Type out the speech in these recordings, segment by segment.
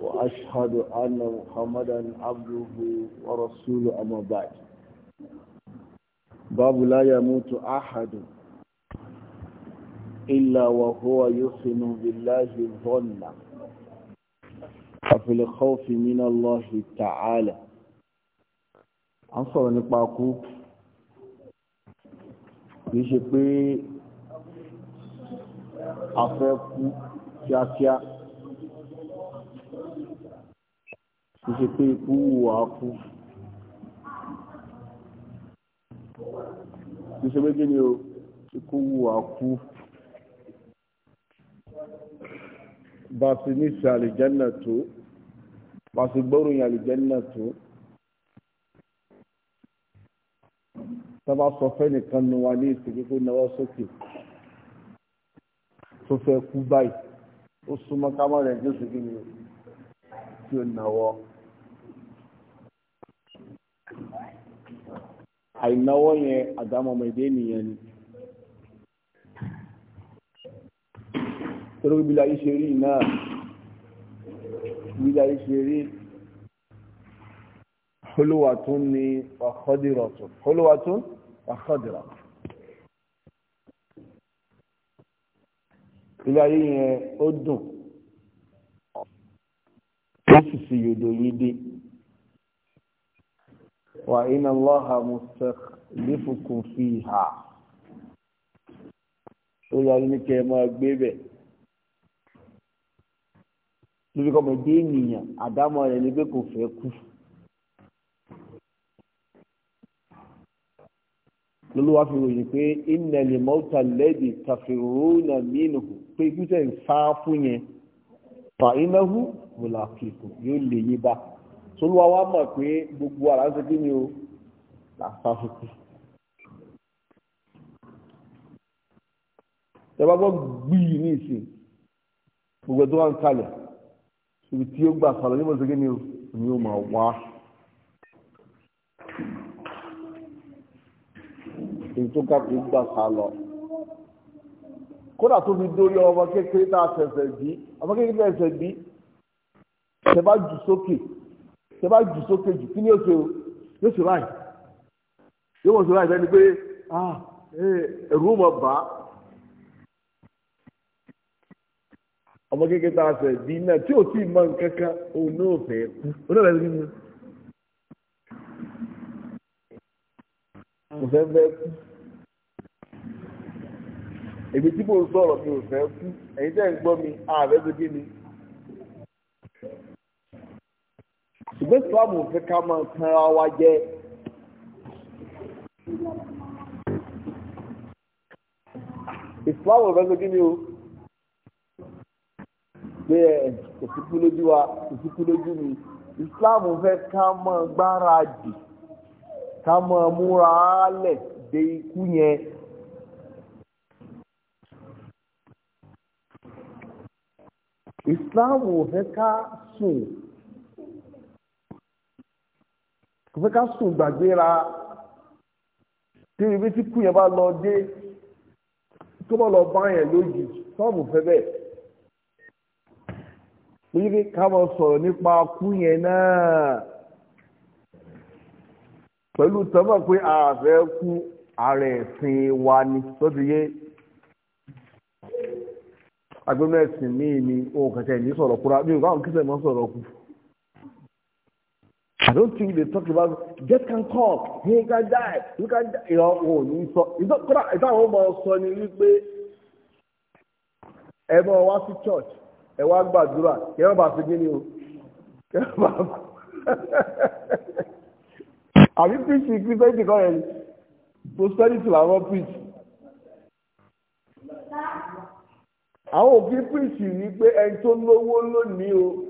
وأشهد أن محمدا عبده ورسوله أما بعد باب لا يموت أحد إلا وهو يحسن بالله الظن وفي الخوف من الله تعالى أنصر نقاكو يشبه أفاكو kíákíá kì í ṣe pé ikú wà á kú kì í ṣe ni o ikú wà á kú bá ti ní sí àlìjẹ́nà tó bá ti gbọ́ròyìn àlìjẹ́nà tó tọ́bá sọ fẹ́ nìkan nu wa ní ìsìnkú tó náwó sókè tó fẹ́ kú báyìí ó súnmọ́ ká rẹ̀ jésù kí ni tí ó náwó. àìnáwó yẹn àdámọ̀mọ̀dé nìyẹn ni torí bí láyé ṣe rí náà bí láyé ṣe rí olówàtún ni ọ̀kọ́dìrọ̀tún olówàtún ọ̀kọ́dìrọ̀tún ilé ayé yẹn ó dùn ó sì sì yòdò yìí dé wa inna Allaha mustakhlifukum fiha ó yára ní kẹ́ ẹ máa gbé bẹ̀ lórí kọ́ mọ̀dé ènìyàn àdámọ́ rẹ̀ ní pé kò fẹ́ kú lọ́lọ́wọ́ fi ròyìn pé innal mauta alladhi tafirruna minhu pé ikú tẹ̀ ń sá fún yẹn fa innahu mulaqikum yóò lè yé bá solúwa wa mọ̀ pé gbogbo ara ń ṣe kí ni o làṣà fòkù. tẹ́wọ́ gbọ́ gbìyì ní ìsìn gbogbo tó wà ń kalẹ̀ ibi tí ó gbà sọ̀rọ̀ níbo ṣe kí ni o ni ó máa wá. èyí tó kàkó gbà sá lọ kódà tó fi dórí ọmọ kékeré tá a ṣẹ̀ṣẹ̀ bí ọmọ kékeré tá a ṣẹ̀ṣẹ̀ bí ṣẹ̀ bá jù sókè tẹ bá jù sókè jù kí ni yóò ṣe o yóò ṣe báyìí yóò wọ́n ṣe báyìí bẹ́ẹ̀ ni pé ah, ẹ̀rù ọmọ bá ọmọ kékeré tá a fẹ́ bí náà tí ò tí ì mọ nǹkan kan òun náà fẹ́ kú òun náà fẹ́ kú nínú. mo fẹ́ fẹ́ kú èmi tí mo sọ̀rọ̀ mi ò fẹ́ kú ẹ̀yin tẹ́ ń gbọ́ mi ààrẹ tó kí ni. ṣùgbọ́n islam ò fẹ́ ká máa tan jẹ. islam ò fẹ́ sọ kí ni o pé ẹ kò sí kú lójú wa kò lójú mi islam fẹ́ ká máa gbáradì ká máa múra lẹ̀ de ikú yẹn. islam ò fẹ́ ká sùn. kò fẹ́ ká sùn gbàgbéra tí ibi tí kú yẹn bá lọ dé tó bá lọ bá yẹn lójì sọ́ọ̀bù fẹ́ bẹ́ẹ̀ wíwí ká mọ sọ̀rọ̀ nípa kú yẹn náà pẹ̀lú tọ́mọ̀ pé ààfẹ́ kú ààrẹ ẹ̀sìn wa ni tó ti yé agbẹ́mọ̀ ẹ̀sìn míì ni òun kẹ̀kẹ́ ní sọ̀rọ̀ kúra mi ò káwọn kí sẹ́ẹ̀ mọ́ sọ̀rọ̀ kú. I don't think they talk about death can come, he can die, you can die. You know, oh, ní sọ, ìtọ́kọ́dà ìtàwọn ọmọ sọ ni You ẹ mọ wá sí church, what about Can ẹ wá gbàdúrà, kẹ ọ bá fi gíní o. Kẹ ọ bá fi. Àbí píìsì kírísítẹ́ẹ̀tì kan yẹn, prosperity làwọn preach Àwọn òfin píìsì ni pé ẹni tó lówó lónìí o.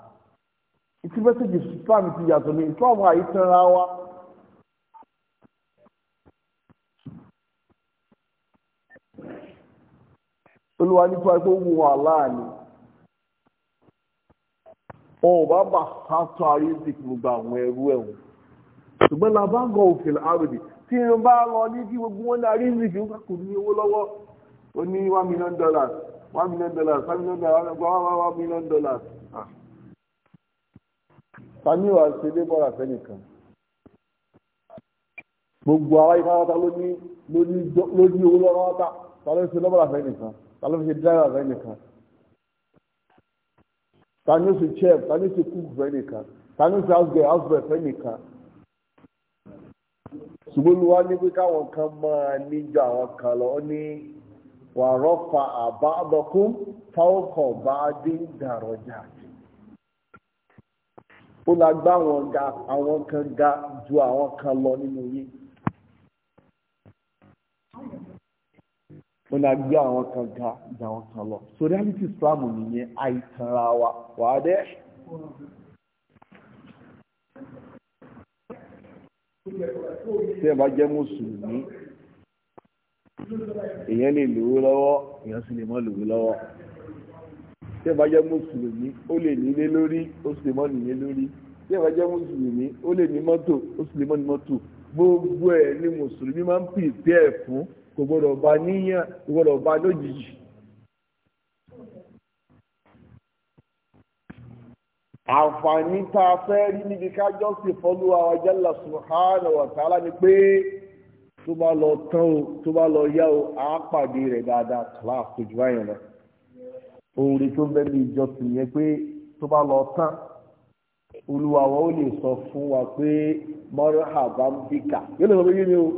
ìtí mẹ́sẹ̀gì spam ti yàtọ̀ ní ìtọ́ àwọn àyíkanra wa. olúwa nípa pé ó wù wà láàánú wọn ò bá bà sátọ ayézik gbogbo àwọn ẹrú ẹ̀wọ̀n ṣùgbọ́n làbágọ̀ òfin àròdì tí n bá lọ ní kí gbogbo wọn ní ayézik ń kàkó ní owó lọ́wọ́ ó ní one million dollars one million dollars one million dollars one million dollars tani wà ṣe débọ̀rà fẹ́nìkan gbogbo àwọn ìfáwọ́ta ló ní owó lọ́rọ́ wọ́ta ta ló ń ṣe débọ̀rà fẹ́nìkan ta ló ń ṣe dára fẹ́nìkan ta ni ó ṣe chef ta ni ó ṣe cook fẹ́nìkan ta ni ó house girl house boy fẹ́nìkan ṣùgbọ́n ló wá ní pé káwọn kan máa níjọ àwọn kan lọ ní wàá rọ́pa àbá àbọ̀kún fáwọn kan bá dín dàrọ̀ jáde. ó la gbá àwọn ga kan ga ju àwọn kan lọ nínú yín ó la gbé àwọn kan ga ju àwọn kan lọ so reality Islam nìyẹn àìtanra wa wàá dẹ. tí ẹ bá jẹ́ mùsùlùmí èèyàn lè lówó lọwọ èèyàn sì lè mọ lọwọ tí ẹ bá jẹ́ mùsùlùmí ó lè nílé lórí ó sì lè mọ́ nílé lórí tí ẹ bá jẹ́ mùsùlùmí ó lè ní mọ́tò ó sì lè mọ́ ní mọ́tò gbogbo ẹ̀ ni mùsùlùmí máa ń pèsè ẹ̀ fún kò gbọdọ̀ bá níyàn kò gbọdọ̀ bá lójijì. àǹfààní tá a fẹ́ rí níbi kájọ́ sí fọ́lúwa wa jalla subhanahu ni pé tó bá lọ tán o tó bá lọ yá o àá pàdé rẹ̀ dáadáa kàlá àpòjù báyìí náà oore tó ń bẹ ní ìjọsìn yẹn pé tó bá lọ tán olúwa wa ó lè sọ fún wa pé marhaban bika yóò lè sọ pé kí ni o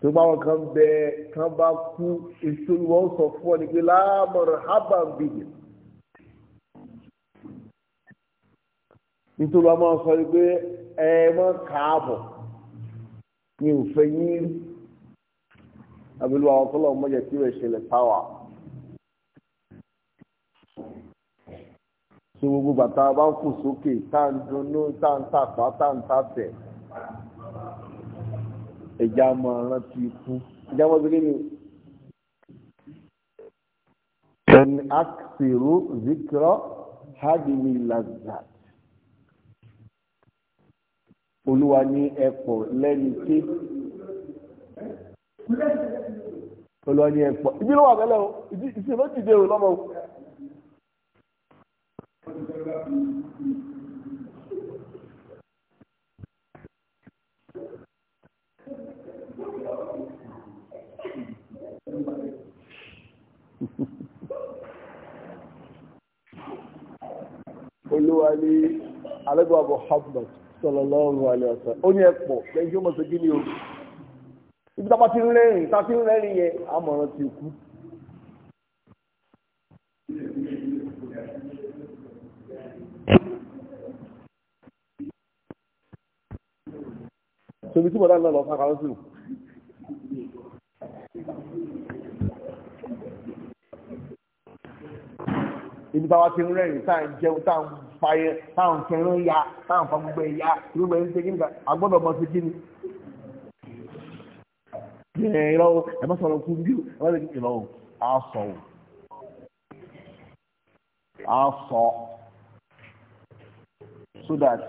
tó bá wọn kan bẹ kan bá kú èso olúwa ó sọ fún ọ ni pé la marhaban nítorí wọn máa sọ pé ẹ máa kààbọ̀ mi ò fẹ́ yín rí abẹ́lú àwọn kọ́lọ̀ mọ́jẹ tí rẹ̀ ṣẹlẹ̀ táwà. ṣé gbogbo bàtà bá ń fò sókè tá à ń dunnú tá à ń tàpá tá à ń tàtẹ̀ ẹ̀já mọ̀ ọ̀ràn ti kú ẹ̀já mọ̀ sílé mi. ẹni àkìsìrú zikirọ́ hádìmí lazat olúwa ní ẹ̀pọ̀ lẹ́ni tí. olùwà ni ibi ló wà tẹ́lẹ̀ o ìsìn ló dìde o lọ́mọ o. ni alẹ́ Muhammad alaihi wasallam ó ní ẹ pọ̀ lẹ́yìn tí mọ̀ o. ibi tá ti ń rẹ́rìn tá ti ń rẹ́rìn yẹn àmọ̀ràn ti kú. sobi tí mo dá lọ fún akáwọ́ ibi táwa ti ń rẹ́rìn tá à ń jẹun tá à ń fa yẹn tá à ń fẹ́ràn ya tá à ń fa gbogbo ẹ̀ ya irú bẹ́ẹ̀ ń ṣe kí ni agbọ́dọ̀ mọ̀ sí kí ni ẹ̀rọ eh, ẹ̀mọ́ sọ̀rọ̀ kú bí ẹ̀mọ́ sọ̀rọ̀ kú ìrọ̀ àṣọ àṣọ so that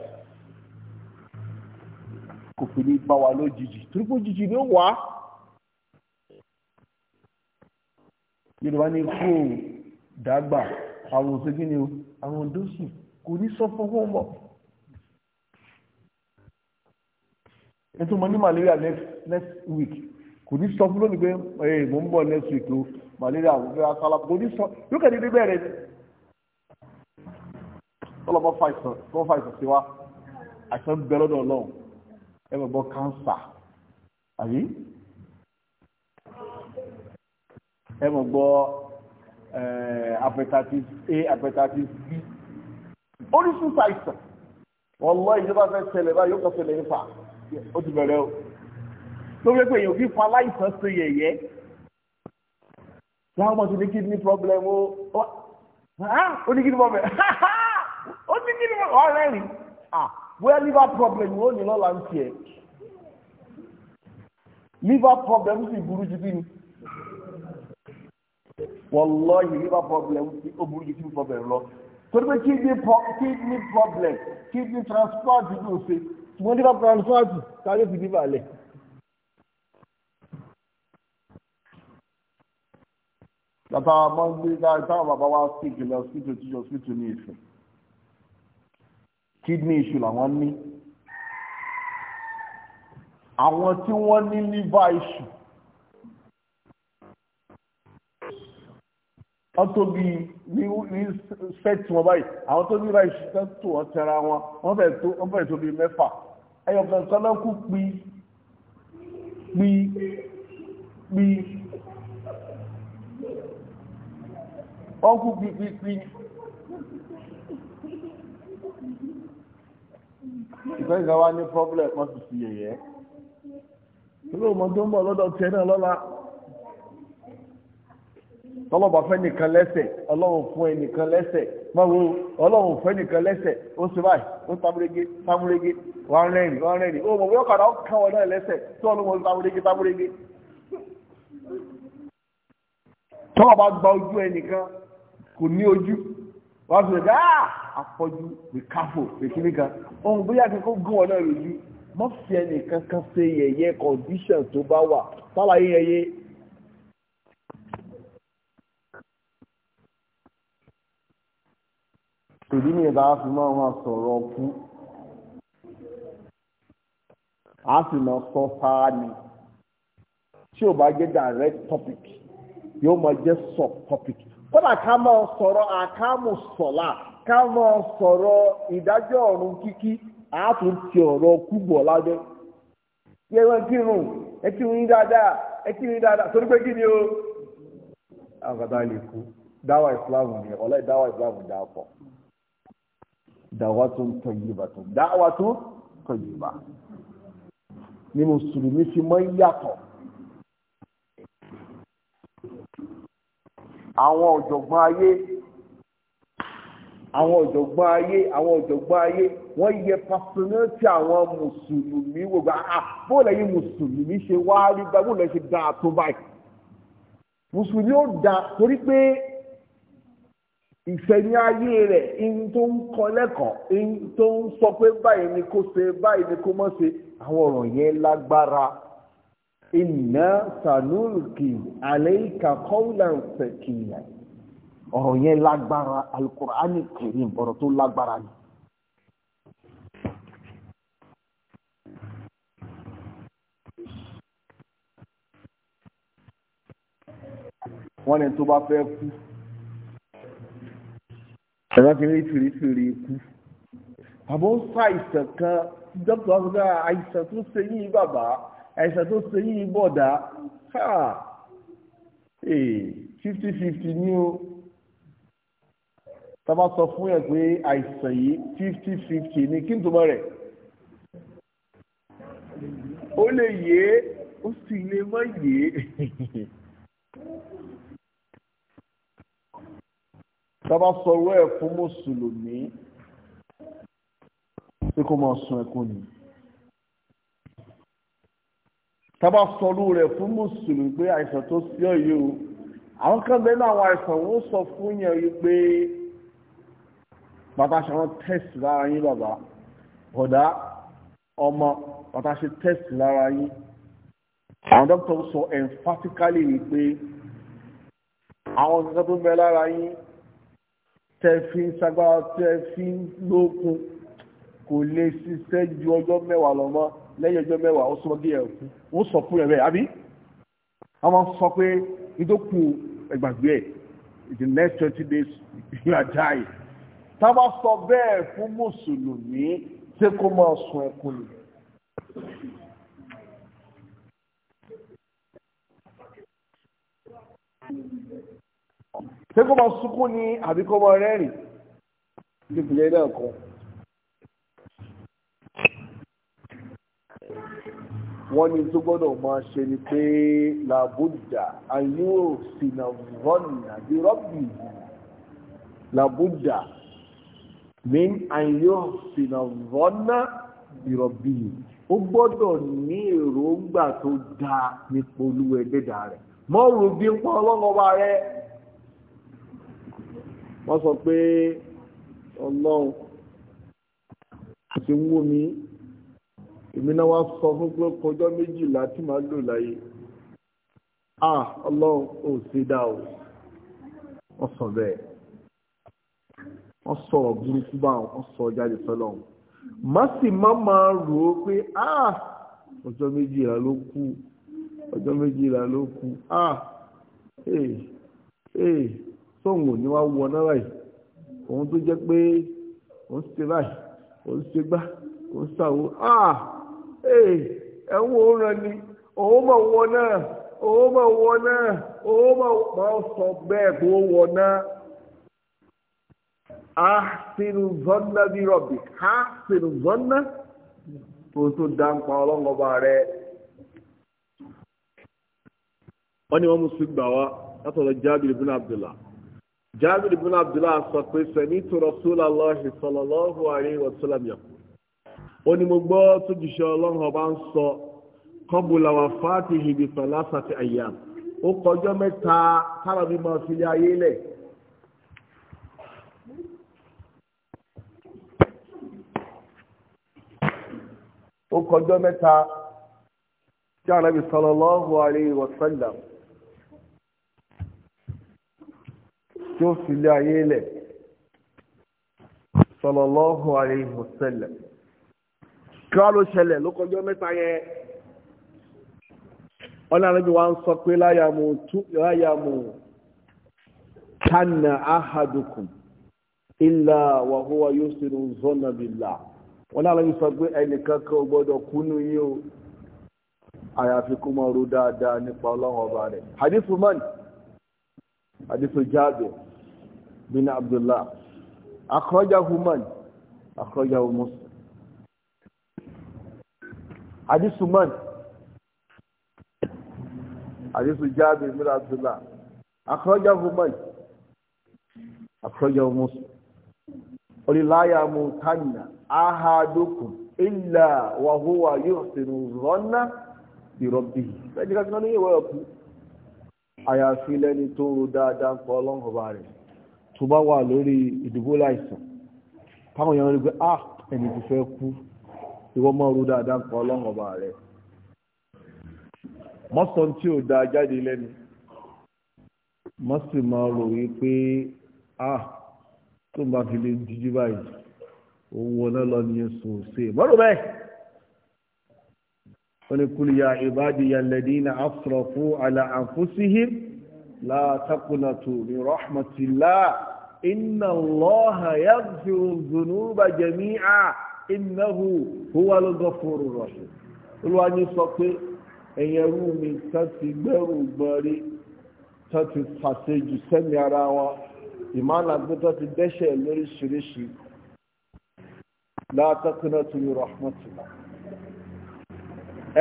kò fi ní bá wa lójijì torí pé òjijì ló wà Yorùbá ní kó dàgbà àwọn òṣèlú ni àwọn òdòsùn kò ní sọ fún wọn bọ̀. ẹ̀tún mọ̀ ní malaria next next week kò ní sọ fún lónìí pé ẹ mò ń bọ̀ next week o malaria àwọn ọ̀gá sálá kò ní sọ yóò kẹ́ dédé bẹ́ẹ̀ rẹ ni. bọ́ fa bọ́ fa sí wa àìsàn bẹ lọ́dọ̀ ọlọ́run ẹ bẹ̀ bọ́ kánsà àbí ẹ mọ̀ gbọ́ eh, hepatitis A hepatitis B oríṣiríṣi àìsàn wọ́n lọ ìjọba fẹ́ ṣẹlẹ̀ báyìí yóò kọ́ ṣẹlẹ̀ nípa ó ti bẹ̀rẹ̀ o tó fẹ́ pé èèyàn fi fún aláìsàn ṣe yẹ̀yẹ́ láwọn ọmọ tó ní kidney problem ó ó ní kidney problem ó ní kidney problem ọ̀rẹ́ rí bóyá liver problem ó ní lọ́la ń tiẹ̀ liver problem sì burú jù bí ni wọ́lọ́yìn liver problem ó burú jù kidney problem lọ torí pé kidney problem kidney transplant ló ṣe ṣùgbọ́n liver transplant káyọ̀ fi liver lẹ̀. That látàwọn ọmọ gbé táwọn bàbá wa sick lọ hospital teach hospital ní ìfẹ́ kidney issue làwọn ní àwọn tí wọ́n ní liver issue wọ́n tó bí ní sẹ́ẹ̀tì wọn báyìí àwọn tó ní báyìí ṣiṣẹ́ tó wọ́n tẹra wọn wọ́n bẹ̀rẹ̀ tó bí mẹ́fà ẹyọ̀kan kọ́lọ́kù pí pí pí Ọkụ pípípí ìfẹ́ǹkà ní problem wọ́n ti fi yẹ̀yẹ́ ilé ọmọ ń bọ̀ lọ́dọ̀ tiẹ̀ náà lọ́la tọ́lọ́bà fẹ́ nìkan lẹ́sẹ̀ ọlọ́run fún ẹnìkan lẹ́sẹ̀ mọ́wó ọlọ́run fẹ́ nìkan lẹ́sẹ̀ ó ṣe báyìí ó wọ́n rẹ́rìn wọ́n rẹ́rìn ó mọ̀ kàdá kàn wọ́n náà lẹ́sẹ̀ tí wọ́n tọ́lọ́bà gba ojú kò ní ojú wọ́n fi ṣe ah afọ́jú rìkáfò rìkíní ohun bóyá kí gún ọ náà mọ́ kankan ṣe yẹ̀yẹ́ condition tó bá wà sálàyé yẹyẹ. ìdí ni ìbá fi máa wọn sọ̀rọ̀ kú a sì máa sọ fáá ni tí ò bá jẹ́ direct topic yóò máa jẹ́ sub topic kódà ká máa sọ̀rọ̀ àkámù sọ̀lá ká máa sọ̀rọ̀ ìdájọ́ ọ̀run kíkí àátún ọ̀rọ̀ kúbọ̀ lábẹ́ yẹ́wọ́n kírun ẹ kírun dáadáa ẹ o àwọn kàtà kú dáwà ìsìláàmù ni ọ̀lá ìdáwà ìsìláàmù dá pọ̀ dáwà tó ń tọ́ yìí tó ń tọ́ yìí ni mùsùlùmí fi yàtọ̀ àwọn ọ̀jọ̀gbọ́n ayé àwọn ọ̀jọ̀gbọ́n ayé àwọn ọ̀jọ̀gbọ́n ayé wọ́n yẹ pàṣẹmẹ́tì àwọn mùsùlùmí wò gba ah, bóòlù ẹ̀yin mùsùlùmí ṣe wá rí báyìí bóòlù ẹ̀ ṣe dá tó báyìí mùsùlùmí ó dáa torí pé ìfẹ̀mí ayé rẹ̀ in tó ń kọ́ lẹ́kọ̀ọ́ in tó ń sọ pé báyìí ni kò ṣe báyìí ni kò mọ̀ ṣe àwọn ọ̀rọ̀ yẹn lágbára iná sanúlùkì àlẹ́kà kọ́ńdàn sẹ̀kìlà ọ̀rọ̀ yẹn lágbára alukur'ani kìrìm ọ̀rọ̀ tó lágbára ni. wọ́n ní tó bá fẹ́ kú ẹ̀rọ fi rí fìrífìrí kú àbọ̀ ń fa àìsàn kan dókítà ọ̀gá àìsàn tó ṣe yí bàbá àìsàn tó ṣe yìí bọ̀dá káà fifty 50 ní o tọ́ba sọ fún ẹ pé àìsàn yìí fifty fifty ní kí n tó mọ̀ rẹ̀ ó lè yé ó sì lè má yé. tọ́ba sọ̀rọ̀ ẹ̀ fún mùsùlùmí pé kó máa sun ẹkún nìyí. tábà sọrú rẹ̀ fún mùsùlùmí pé àìsàn tó sí ọ̀yọ́ o àwọn kan bẹ́ẹ̀ náà àwọn àìsàn wọ́n sọ fún yẹn yìí pé bàtà ṣe àwọn tẹ́sì lára yín bàbá ọ̀dà ọmọ bàtà ṣe tẹ́sì lára yín àwọn dókítà sọ emphatically wípé àwọn kankan tó ń bẹ lára yín tẹ́ fi ń sagbára tẹ́ lókun kò lè ṣiṣẹ́ ju ọjọ́ mẹ́wàá lọ mọ́ lẹ́yìn ọjọ́ mẹ́wàá ó súnmọ́ díẹ̀ òkú wọ́n sọ fún ẹ̀rẹ́ àbí wọ́n máa sọ pé ìdókù ẹgbàgbé ẹ̀ the next twenty days you are die tá a bá sọ bẹ́ẹ̀ fún mùsùlùmí ṣé kó máa sun ẹkún ni. ṣé kó máa sunkún ni àbí kó máa rẹ́rìn-ín? ìpìlẹ̀ náà kan. wọ́n ní tó gbọ́dọ̀ máa ṣe ni pé làbúdà àyúrò sínà rọ́nà bí rọ́bì làbúdà min àyúrò sínà rọ́nà bí rọ́bì ó gbọ́dọ̀ ní èròǹgbà tó dáa nípa olúwa ẹ̀dẹ́dà rẹ̀ mọ́rù bí ń pọ́n ọlọ́ngọba rẹ̀ wọ́n sọ pé ọlọ́run ti ń wú mi èmi náà wá sọ fún pé kọjọ́ méjìlá tí màá lò láyé ah ọlọ́run ò sí dá o wọ́n sọ bẹ́ẹ̀ wọ́n sọ burúkú bá wọn sọ jáde sọlọ́run má sì má máa rò ó pé ah ọjọ́ méjìlá ló kù ọjọ́ méjìlá ló kù ah eh, ee eh. ee sóhun ò ní wá wọ náà báyìí òun tó jẹ́ pé òun ṣe báyìí òun ṣe gbá òun ṣàwò ah. ee ẹ̀ ń ni òun mọ̀ wọ náà òun wọ náà sọ bẹ́ẹ̀ kó wọ náà. Ahsinu zọ́nà bí rọ̀bì, ahsinu zọ́nà tó tó dáńpa Wani rẹ̀. Wọ́n ni wọ́n bin Abdullah. Jábìr Abdullah sọ pé wa ó ní mo gbọ́ tójúṣe ọlọ́run ọba ń sọ kọ́bùlàwà fáàtì ìbí sàlásàtì àyà ó kọjọ́ mẹ́ta tára mi máa fi lé ayé lẹ̀ ó kọjọ́ mẹ́ta tí ànábì sallallahu alayhi wa sallam tí ó fi lé ayé lẹ̀ sallallahu alayhi wa sallam kí wá ló ṣẹlẹ̀ ló kọjọ́ mẹ́ta yẹn ọlọ́run wa ń sọ pé láyàmù láyàmù kánà áhàdùkùn ilà wàhúwa yóò sinú zọ́nà bìlà ọlọ́run sọ pé ẹnìkan kan ò gbọ́dọ̀ kúnú yìí o àyàfi kó mọ̀ ro dáadáa nípa ọlọ́run ọba rẹ̀ hadithu man hadithu Jabir bin Abdullah akọjá human akọjá muslim àdísù man àdísù jáde mìíràn abdullah akọrọjáwò man akọrọjáwò mọsù oníláyà mú tánà áhàdókùn ilà wàhúwà yóò sinú rọ́nà ìrọ̀bì ẹni kankan ní ìwọ̀ ọ̀kú àyàfi lẹ́ni tó rú dáadáa ń pọ̀ ọlọ́run ọba rẹ̀ tó bá wà lórí ìdìbò láìsàn táwọn èèyàn rí pé ah ẹni tí fẹ́ kú ìwọ máa ru dáadáa nǹkan ọlọ́run rẹ mọ́sán tí ò da jáde lẹ́nu mọ́ sì máa rò wí pé a ah, tó bá fi lè jíjí báyìí òun wọná lọ ní sùn sí mọ́rò bẹ́ẹ̀ wọ́n ní kúlù ya ìbádìyà alladina asrafu ala anfusihim la taqnatu min rahmatillah inna Allaha yaghfiru dhunuba jami'a innahu huwa al-ghafuru rahim olúwa ní sọ pé ẹ̀yẹ̀ rú mi tán ti gbẹ́rù gbọ́rí tán ti fàṣejù sẹ́mi ara wọn ìmánà gbé tán ti dẹ́ṣẹ̀ lóríṣiríṣi la taqnatu min rahmatillah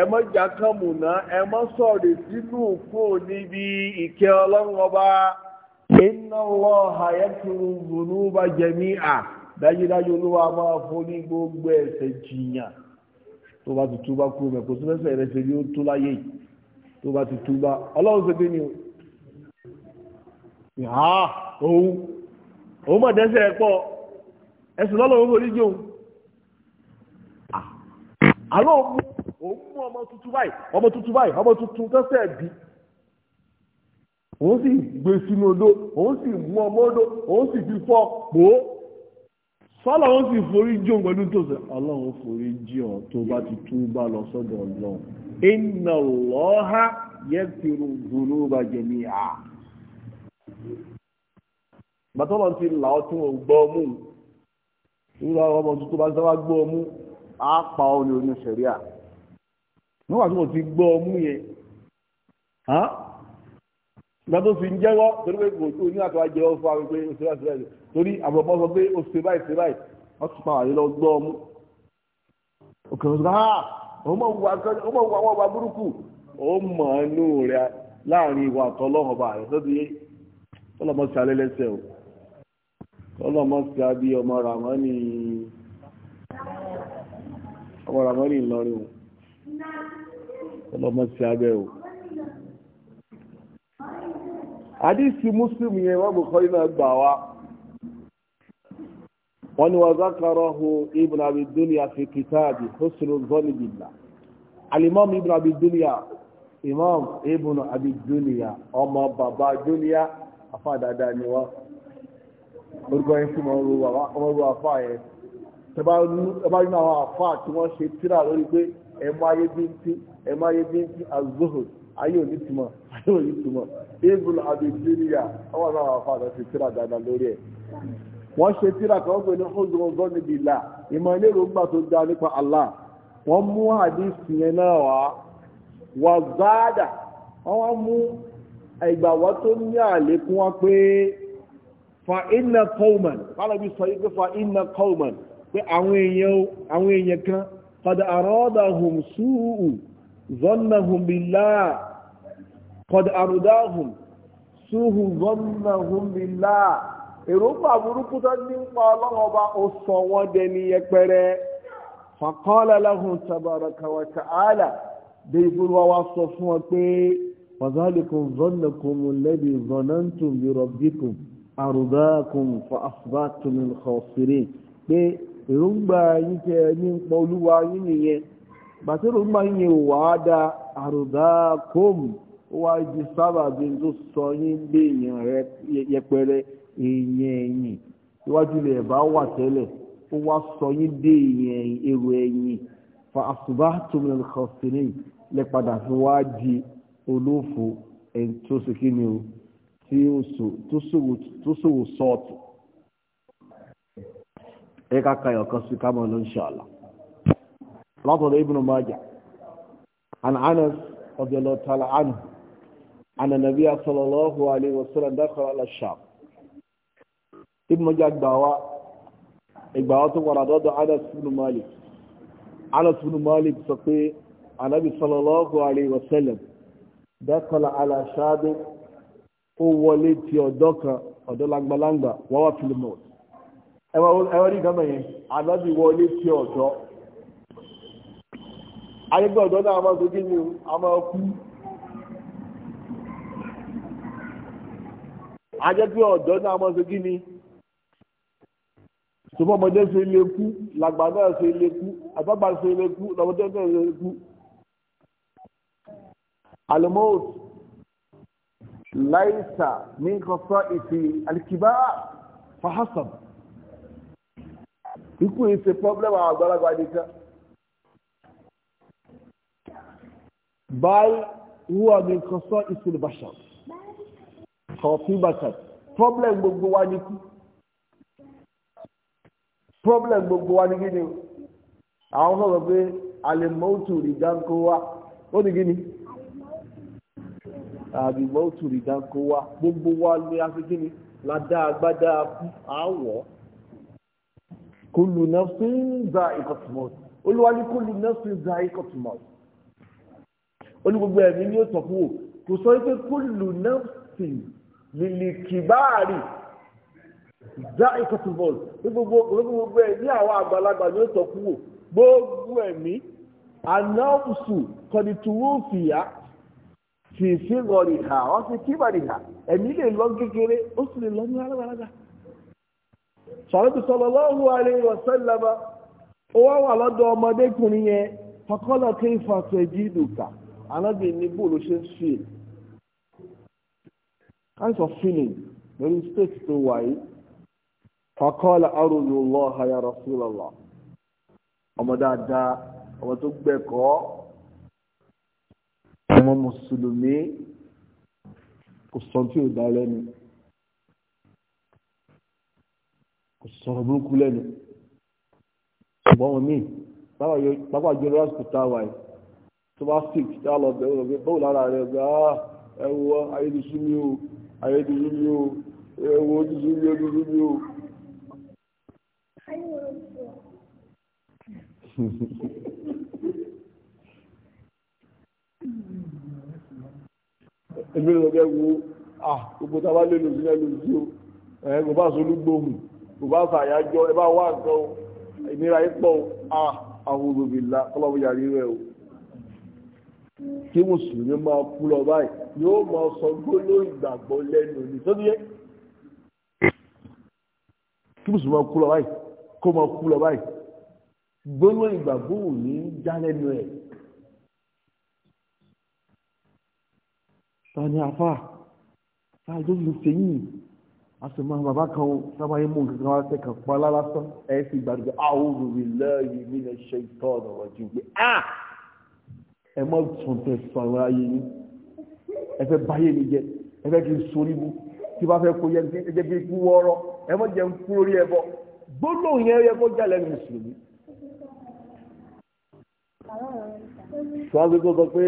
ẹ má jákàmùnà ẹ má sọ̀rọ̀ sínú kó níbi ìkẹ́ ọlọ́run ọba inna Allaha yaghfiru dhunuba jami'a dájúdájú olúwa máa forí gbogbo ẹ̀ṣẹ̀ jìyàn tó bá ti túbá kúrò mẹ́kò tó fẹ́sẹ̀ rẹ̀ ṣe ní ó tó láyé yìí tó bá ti túbá ọlọ́run ṣe pé ní ìhà òun òun mọ̀ dẹ́ṣẹ̀ ẹ̀ pọ̀ ẹ̀sùn lọ́lọ́run forí jù àlọ́ òun mú ọmọ tuntun báyìí ọmọ tuntun báyìí ọmọ tuntun tẹ́sẹ̀ bí òun sì gbé sínú odó òun sì mú ọmọ odó òun sì fi fọ́ pòó sọ́lọ̀ ó sì forí jí òun pẹ̀lú tòsẹ̀ ọlọ́run forí jí ọ tó bá ti túbá lọ sọ́dọ̀ ọlọ́run iná lọ́ha yẹ́ ti rúgbùnú bá jẹ ní à bàtọ́lọ̀ ti là ọ́ tí wọ́n gbọ́ mú ìrọ̀ ọmọ tuntun bá sábà gbọ́ mú á pa ọ́ ní oní sẹ̀ríà níwà tí wọ́n ti gbọ́ mú yẹn ìgbà tó fi ń jẹ́wọ́ torí pé kò tó ní àtọ́wájẹ́ fún wa pé ó ṣe torí àwọn ọmọ sọ pé ó ṣe báyìí ṣe báyìí wọ́n ti pa àyè lọ gbọ́ ọmú òkè ọ̀sán ha ọmọ òwú àwọn ọba burúkú ó mọ̀ ẹnu rẹ̀ láàrin ìwà àtọ́ lọ́hàn bá rẹ̀ sọ́dí ọlọ́mọ sí alẹ́ lẹ́sẹ̀ o ọlọ́mọ sí abí ọmọ ramani ọmọ ràmọ́nì ìlọrin o ọlọ́mọ sí abẹ́ o àdìsí muslim yẹn wọ́n gbọ́kọ́ iná gbà wá. wọ́n ní wọ́n ibn abi dunya fi kìtàbí husnu zọ́nì bìlá alimam ibn abi dunya imam ibn abi dunya ọmọ bàbá dunya afa dada ni wọ́n orúkọ yẹn sì mọ orú afa yẹn nínú àwọn afa tí ṣe tíra lórí pé ẹmọ ayé bí ń tí ẹmọ ayé bí ń tí ayé òní ayé òní ibn abi dunya náà afa lọ sí tíra lórí wọ́n ṣe tíra kan pè ní ọdún níbi ìlà ìmọ̀ tó dá nípa Allah wọ́n mú àdísì yẹn náà wá wà záàdà wọ́n mú ìgbàwọ́ tó ní àlékún wá pé fa inna qawman pálábí sọ yí pé fa inna qawman pé àwọn èèyàn kan qad èròǹgbà burúkú tó ní ń pa ọlọ́run ọba ó sọ wọ́n dẹni yẹpẹrẹ faqala lahum tabaraka wa ta'ala dé ìbúrúwá wa sọ fún ọ pé fadhalikum zannakum alladhi zanantum bi rabbikum ardakum fa asbatum pé èròǹgbà èèyàn ẹ̀yìn iwájú ilẹ̀ bá wà tẹ́lẹ̀ ó wá sọ yín dé èèyàn enyi èrò ẹ̀yìn fa àṣùbá tómìnà kọ̀ọ̀sìnì fún wá di olófo ẹni tó ṣe kí ni o tí tó ṣòwò sọ́ọ̀tù ẹ ká ka ẹ̀kọ́ sí kámọ́ ló ń ṣe àlà májà an anas anu an anabiya sallallahu alaihi wasallam ala ibn Majah gbàwá ìgbàwá tó wà lọ́dọ̀ Anas ibn Malik Anas ibn Malik sọ pé anabi sallallahu alayhi wa sallam dakhala ala shaab ó wọlé ti ọ̀dọ́ kan ọ̀dọ́ langbalangba wọ́n wà fílímù ẹwà rí gàmà yẹn anabi wọlé ti ọ̀dọ́ ayégbé ọ̀dọ́ náà máa tó gíní a máa kú ajẹ́ pé ọ̀dọ́ náà máa tó gíní tòbọ́ ọmọdé ṣe lè kú làgbà náà ṣe lè kú àgbàgbà ṣe lè kú lọ́mọdé náà ṣe lè kú. alimoot laisa min kọsọ ìfì alikiba fahasan ikú yìí ṣe pọ́blẹ́mù àwọn àgbàlagbà nìkan. bal huwa min kọsọ ìfì bashar kọfí bashar pọ́blẹ́mù gbogbo wa ni kú problem gbogbo wa ní kí ni o àwọn sọ̀rọ̀ pé alimọ́tù rìdánkó wá ó ní kí ni alimọ́tù rìdánkó wá gbogbo wa ní afikí ni ládá agbádá àwọ̀ kúlù náà fi ń gba ìkọ̀tùmọ̀ olúwa ní kúlù náà fi ń gba ìkọ̀tùmọ̀ olú gbogbo ẹ̀mí ni ó tọ̀ fún o kò sọ pé kúlù náà fi lè kìbáàrì zaikatul maut ní gbogbo ẹ̀ ní àwọn àgbàlagbà ní ó tọ́kú wò gbogbo ẹ̀mí anáwùsù kọ̀dìtúwòfìyà fi sígọ̀rì hà wọ́n fi kíbàrì hà ẹ̀mí lè lọ kékeré ó sì lè lọ ní alágbàlagbà sọ̀rọ̀tù sallallahu alaihi wa sallama ó wá wà lọ́dọ̀ ọmọdékùnrin yẹn bóòlù ṣe ń of feeling lórí state tó fàkọ́ọ̀lá arùlùlọ́ ya Rasulullah ọmọ dáadáa ọmọ tó gbẹ̀kọ́ ọmọ mùsùlùmí kò sọ tí burúkú lẹ́nu ọgbọ́n mi pápá a tó bá a lọ bẹ̀rù rẹ̀ bọ́ọ̀ lára rẹ̀ gbà á ẹ̀wọ̀ ayédùsúmi o ẹgbẹ́ ìrọ̀gẹ́ wo ah, gbogbo tá a bá lè lò sílẹ̀ lò sí o ẹ kò bá solúgbòhùn kò bá sàyájọ́ ẹ bá wá nǹkan o ìnira ipọ̀ o ah, àwọn olùbìlà kọ́lọ́bù yàrí rẹ̀ o kí mùsùlùmí máa kú lọ báyìí yóò máa sọ gbóló ìgbàgbọ́ lẹ́nu ní tó kí mùsùlùmí máa kú lọ báyìí kó mọ kú lọ báyìí gbóná ìgbàgbọ́ ò ní já lẹ́nu ẹ̀. ta ni afa ta ló lè ṣe yìí a sì máa bàbá kan o sábà yín mú nǹkan wá sí kan pa lálásán ẹ sì gbàdúgbò a'udhu billahi minash shaitani rajim pé a ẹ mọ tún tẹ sọ àwọn ayé yín ẹ fẹ́ báyé mi jẹ ẹ fẹ́ kí n sori mu tí bá fẹ́ kó yẹ ẹ jẹ bí kú wọrọ ẹ mọ jẹ ń kú lórí ẹ bọ. gbólóhùn yẹn yẹ kó jalè mùsùlùmí. sọ́ọ́sì tó sọ pé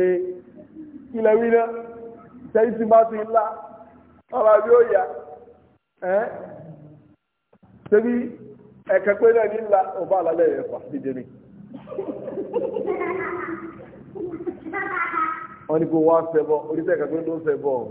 ilẹ̀ wí náà sẹ́yìn tí bá ti la ọ̀rọ̀ àbí ó yà ẹ́ ẹ̀kẹ́ pé náà ní la ọba àlálẹ̀ yẹn fà dídé ni. wọ́n ní kó wá sẹ́bọ̀ oníṣẹ́ ìkàgbé ló ń sẹ́bọ̀ ọ̀hún.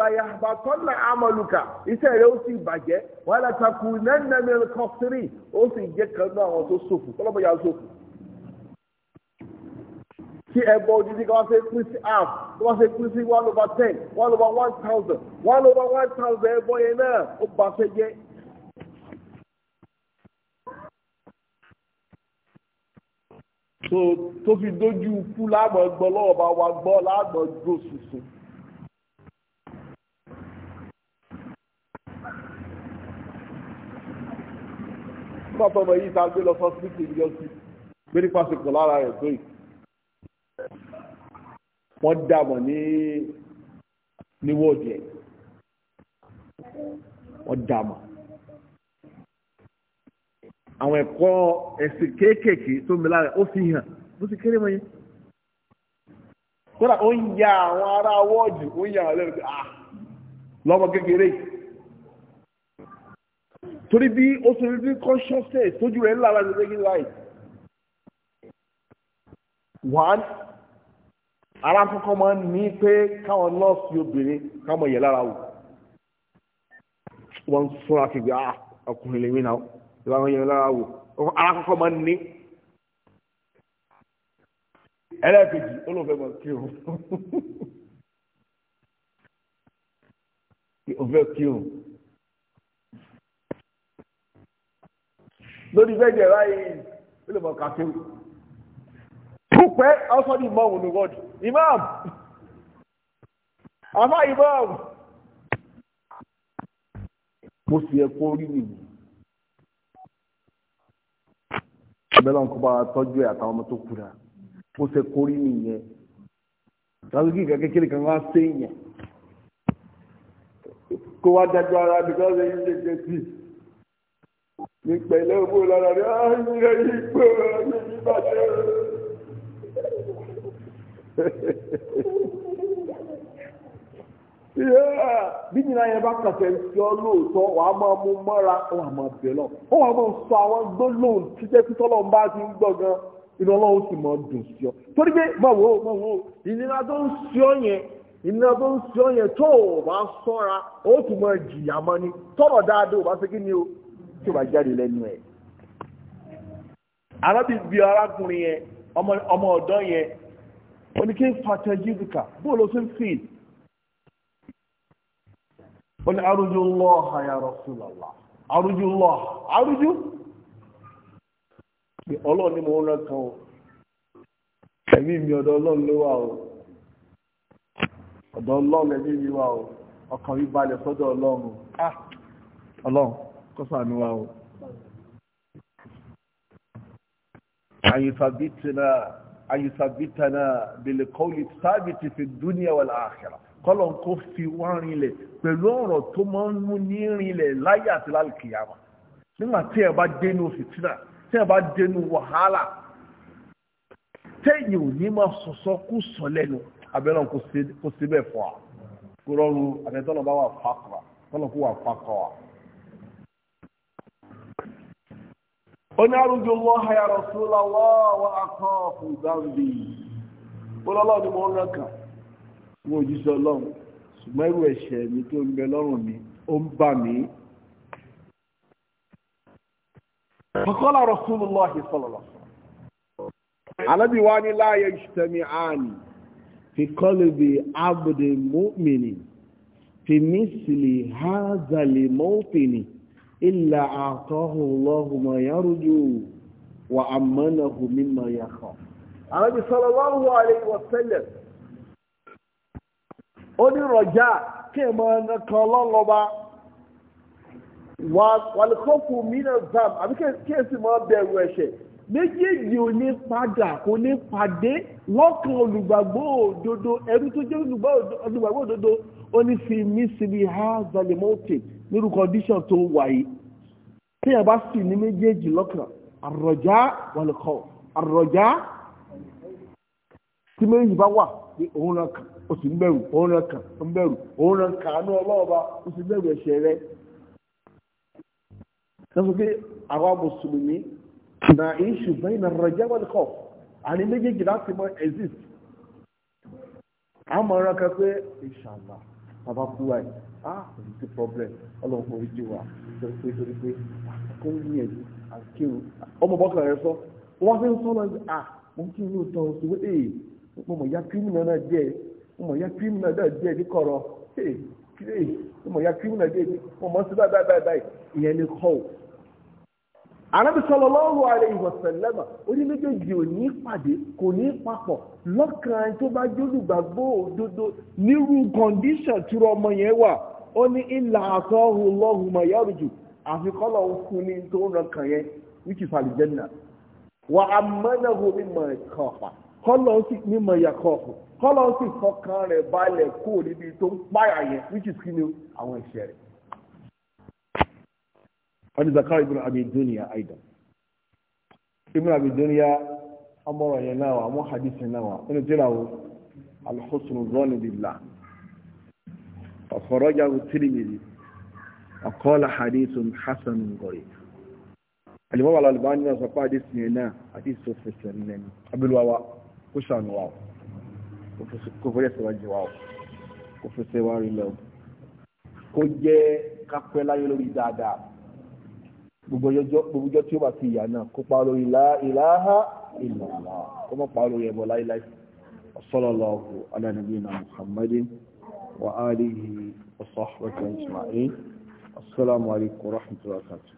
láyà àbátọ́nà amọ̀lùkà iṣẹ́ rẹ̀ ó sì bàjẹ́ wọ́n lè takù nẹ́ẹ̀nẹ́mí kọ́sírì ó sì jẹ́ kanú àwọn tó sòfò tọ́lọ́mọ yà sòfò. kí ẹbọ odidi kan wá fẹ́ pín sí half tó wá fẹ́ pín sí one over ten one over one thousand one over one thousand ẹbọ yẹn náà ó bá fẹ́ jẹ́. tó fi dójú kú gbọ́ lọ́wọ́ bá wa gbọ́ láàmọ̀ dúró sùsùn. nígbà tó ọmọ yìí ta gbé lọ sọ́sibítì ìjọ sí gbé ní pásítọ̀ lára rẹ̀ tó yìí. wọ́n dààmú ní ní wọ́ọ̀dì ẹ̀ wọ́n dààmú. àwọn ẹ̀kọ́ ẹ̀sìn kéékèèké tó mi lára ó fi hàn bó ti kéré mọ́ yẹn. kódà ó ń ya àwọn ará wọ́ọ̀dì ó ń ya àwọn ẹlẹ́rìí ah, lọ́mọ kékeré yìí torí bí ó tún rí bí consciousness tójú rẹ̀ lára ní regular life one ara kọ́kọ́ máa ń ní pé káwọn nọ́ọ̀sì obìnrin káwọn yẹ̀ lára wò wọ́n ń sọ́ra kìgbà ah, ọkùnrin lè rí náà ìbáwọn yẹ̀ lára wò ara kọ́kọ́ máa ń ní ẹlẹ́ẹ̀kejì olóòfẹ́ mọ̀ kí o òfẹ́ kí o. lórí bẹ́ẹ̀dì ẹ̀rọ ayé ó lè mọ̀ púpẹ́ ní ní wọ́ọ̀dù imam imam mo sì bá tọ́jú ẹ̀ àtàwọn ọmọ tó mo sì láti kí kékeré kan wá kó wá dájú ara kí wọ́n ṣe ṣe ṣe ní pẹ̀lẹ́ owó lára rẹ̀ ààrẹ ah, ìgbò ààrẹ ìbàjẹ́ bí nínú ayẹyẹ bá kàfẹ́ sí ọ lóòótọ́ wàá máa mú mọ́ra ó wà máa bẹ̀ lọ ó wà máa sọ àwọn gbólóhùn tí jẹ́ pé tọ́lọ́run bá ti ń gbọ́ inú ọlọ́run sì máa dùn sí ọ torí pé máa wò ìnira tó ń sí ọ yẹn iná tó ń sọ yẹn tó o bá sọ́ra ó tún mọ jìyà mọ́ ni tọ́rọ̀ ò bá ṣe kí ni o tí ó bá jáde lẹ́nu ẹ̀ arábìnrin bíi arákùnrin yẹn ọmọ ọ̀dọ́ yẹn oníkẹ́ bóòlù ó fi ó ní arújú lọ́ọ̀hà arújú lọ́ọ̀hà ni mo ń rán o ẹ̀mí mi ọ̀dọ̀ ọlọ́run ló wà o ọ̀dọ̀ ọlọ́run ẹ̀mí mi wà o ọkàn kọ́sàánú wa o àyùsàbítànà bèlèkọ́lì sábìtì fi dúníà wal àkhírà kọ́lọ̀ kó fi wá rinlẹ̀ pẹ̀lú ọ̀rọ̀ tó máa ń mú ní rinlẹ̀ láyé àti lálùkìyàmà nígbà tí ẹ bá dénú fìtínà tí ẹ bá dénú wàhálà tẹ́yìn ò ní máa sọ̀sọ́ kú sọ lẹ́nu abẹ́rẹ́ kò síbẹ̀ fọ́ a kó rọrùn bá wà fàkọ́ra kọ́lọ̀ kó wà fàkọ́ra. oní arúgbó lọ́ha ya rọ̀súlá wọ́wọ́ akọ́ fún zambi olọ́lọ́ ni mo ń rẹ̀kàn mo òjíṣẹ́ ọlọ́run ṣùgbọ́n irú ẹ̀ṣẹ̀ mi tó ń bẹ lọ́rùn mi ó ń bà mí fọ́kọ́lá rọ̀súlù lọ́hì sọ̀lọ̀lọ̀ alábì wa ní láàyè ìṣẹ̀mí àní fi kọ́lùbì abdul mu'mini fi mísìlì hazali mọ́tìnì illa àtọ́hù lọ́hùn ma yarju wa amanahu mimma yakhaf. Ànábì sallallahu alayhi wa sallam ó ní rọjá kí ẹ máa ń kan lọ́lọ́ba wàlúkọ́kù mí náà zam àbí kí ẹ sì máa bẹ̀rù ẹ̀ṣẹ̀ méjèèjì ò ní padà kò ní pàdé lọ́kàn olùgbàgbọ́ òdodo ẹrú tó jẹ́ olùgbàgbọ́ òdodo ó ní fi mí síbi ha zalimọ́tì nírú condition tó wà yìí tí a bá sì ní méjèèjì lọ́kàn àrọ̀já wàlùkọ́ àrọ̀já tí méjì bá wà ní òun lọ́kàn ó sì ń bẹ̀rù òun lọ́kàn ń bẹ̀rù òun lọ́kàn àánú ọlọ́ọ̀ba ó sì bẹ̀rù ẹ̀ṣẹ̀ rẹ̀ lọ́sọ̀kẹ́ àwa mùsùlùmí na issue bai na rage wani kof a ní méjèèjì láti exist a mọ̀ ra inshallah bàbá kú wa yìí a problem ọlọ́run kò rí jiwa wá sọ pé torí pé kò ní sọ wọ́n fi ń sọ lọ́nà à mo kí mo ya kírímìnà náà díẹ̀ mo mọ̀ ya mo ya mo Ànábì sallallahu alayhi wa sallama orí méjèèjì ò ní pàdé kò ní papọ̀ lọ́kàn tó bá jólùgbàgbọ́ òdodo nírú kọ̀ǹdíṣàn tí ọmọ yẹn wà ó ní ìlà àtọ́hù lọ́hùnmọ̀ yọrùjù àfikọ́lọ̀ fún ní tó ń rọkàn yẹn which is aljanna wà á mọ́nàhù mímọ̀ ẹ̀kọ́fà kọ́lọ̀ sì mímọ̀ yàkọ́fù kọ́lọ̀ sì fọkàn rẹ̀ balẹ̀ kúrò níbi tó ń páyà yẹn which is kí ni àwọn ìṣẹ̀rẹ̀ wani zakar ibn abi duniya aidan ibn abi duniya amọ̀rọ̀ yẹn náà wà mú hadith yẹn náà wà nínú tíra wo alhusnu zọ́ni billah akhrajahu tirmidhi aqala hadithun hasanun gharib alimọ́wà alalibani náà sọ pé hadith yẹn náà àti ìsọ fẹsẹ̀ lẹ́nu abúlùwàwà kó sànù wà kó fẹ́ sẹ́wà jẹ wà kó fẹ́ sẹ́wà rí lẹ́wọ̀ kó jẹ́ kápẹ́ láyé lórí gbogbo ọjọ́ tí ó bá ti yà náà kó pa lórí ìlàáha ìlàlá kó mọ́ pa lórí ẹbọ láíláí sallallahu ala wa alihi wa alaikum warahmatullahi wabarakatuh